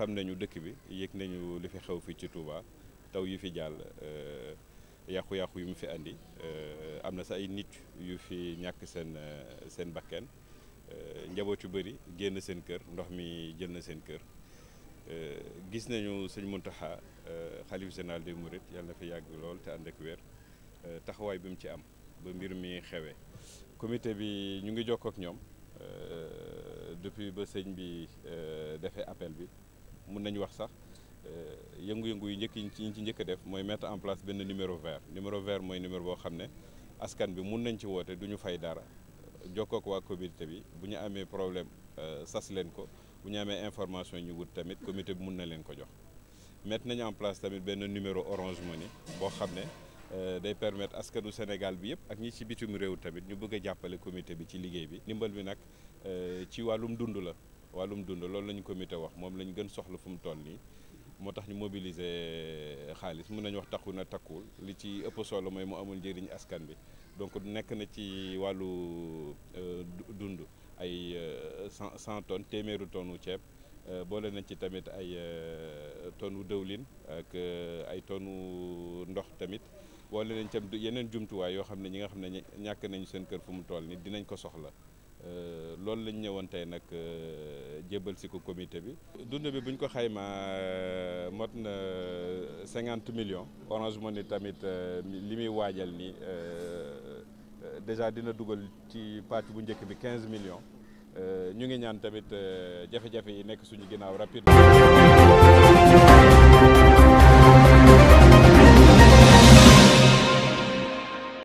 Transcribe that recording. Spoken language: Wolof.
xam nañu dëkk bi yéeg nañu li fi xew fii ci Touba taw yi fi jàll euh, yàqu-yàqu yi mu fi andi euh, am na sa ay nit yu fi ñàkk seen euh, seen bakken njaboot yu bëri génn seen kër ndox mi jël na seen kër gis nañu sëñ Muntaxa xalif général des Mourides yàlla na fi yàgg lool te ànd ak wér taxawaay bi mu ci am ba mbir mi xewee comité bi ñu ngi jokkoo ak ñoom depuis ba sëñ bi defee appel bi mun nañu wax sax euh, yëngu-yëngu yu njëkk yi ñu ci njëkk a def mooy mettre en place benn numéro vert numéro vert mooy numéro boo xam ne askan bi mun nañ ci woote du ñu fay dara jokkook waa communauté bi bu ñu amee problème euh, sas leen ko bu ñu amee information ñu wut tamit comité bi mun na leen ko jox. mettre nañu en place tamit benn numéro Orange Money boo xam ne euh, day permettre askanu Sénégal bi yëpp ak ñi ci bitim réew tamit ñu bëgg a jàppale comité bi ci liggéey bi ndimbal bi nag ci wàllum dund la. wàllum dund loolu lañu ko comité wax moom la ñu gën soxla fu mu toll nii moo tax ñu mobiliser euh, xaalis mun nañu wax takku na takkuwul li ci ëpp solo mooy mu amul njëriñ askan bi donc nekk na ci wàllu euh, dund ay euh, cent cent tonnes téeméeru tonne ceeb boole nañ ci tamit ay tonne wu dëwlin ak ay tonne ndox tamit boole nañ ci yeneen jumtuwaay yoo xam ne ñi nga xam ne ñàkk nañu seen kër fu mu toll nii dinañ ko soxla. Euh, loolu lañ ñëwoon tey nag euh, jébbal si ko comité bi. dund bi buñ ko xaymaa euh, mot na cinquante millions Orange Money tamit li muy waajal nii déjà dina dugal ci pàcc bu njëkk bi quinze millions ñu ngi ñaan tamit jafe-jafe yi nekk suñu ginnaaw rapide.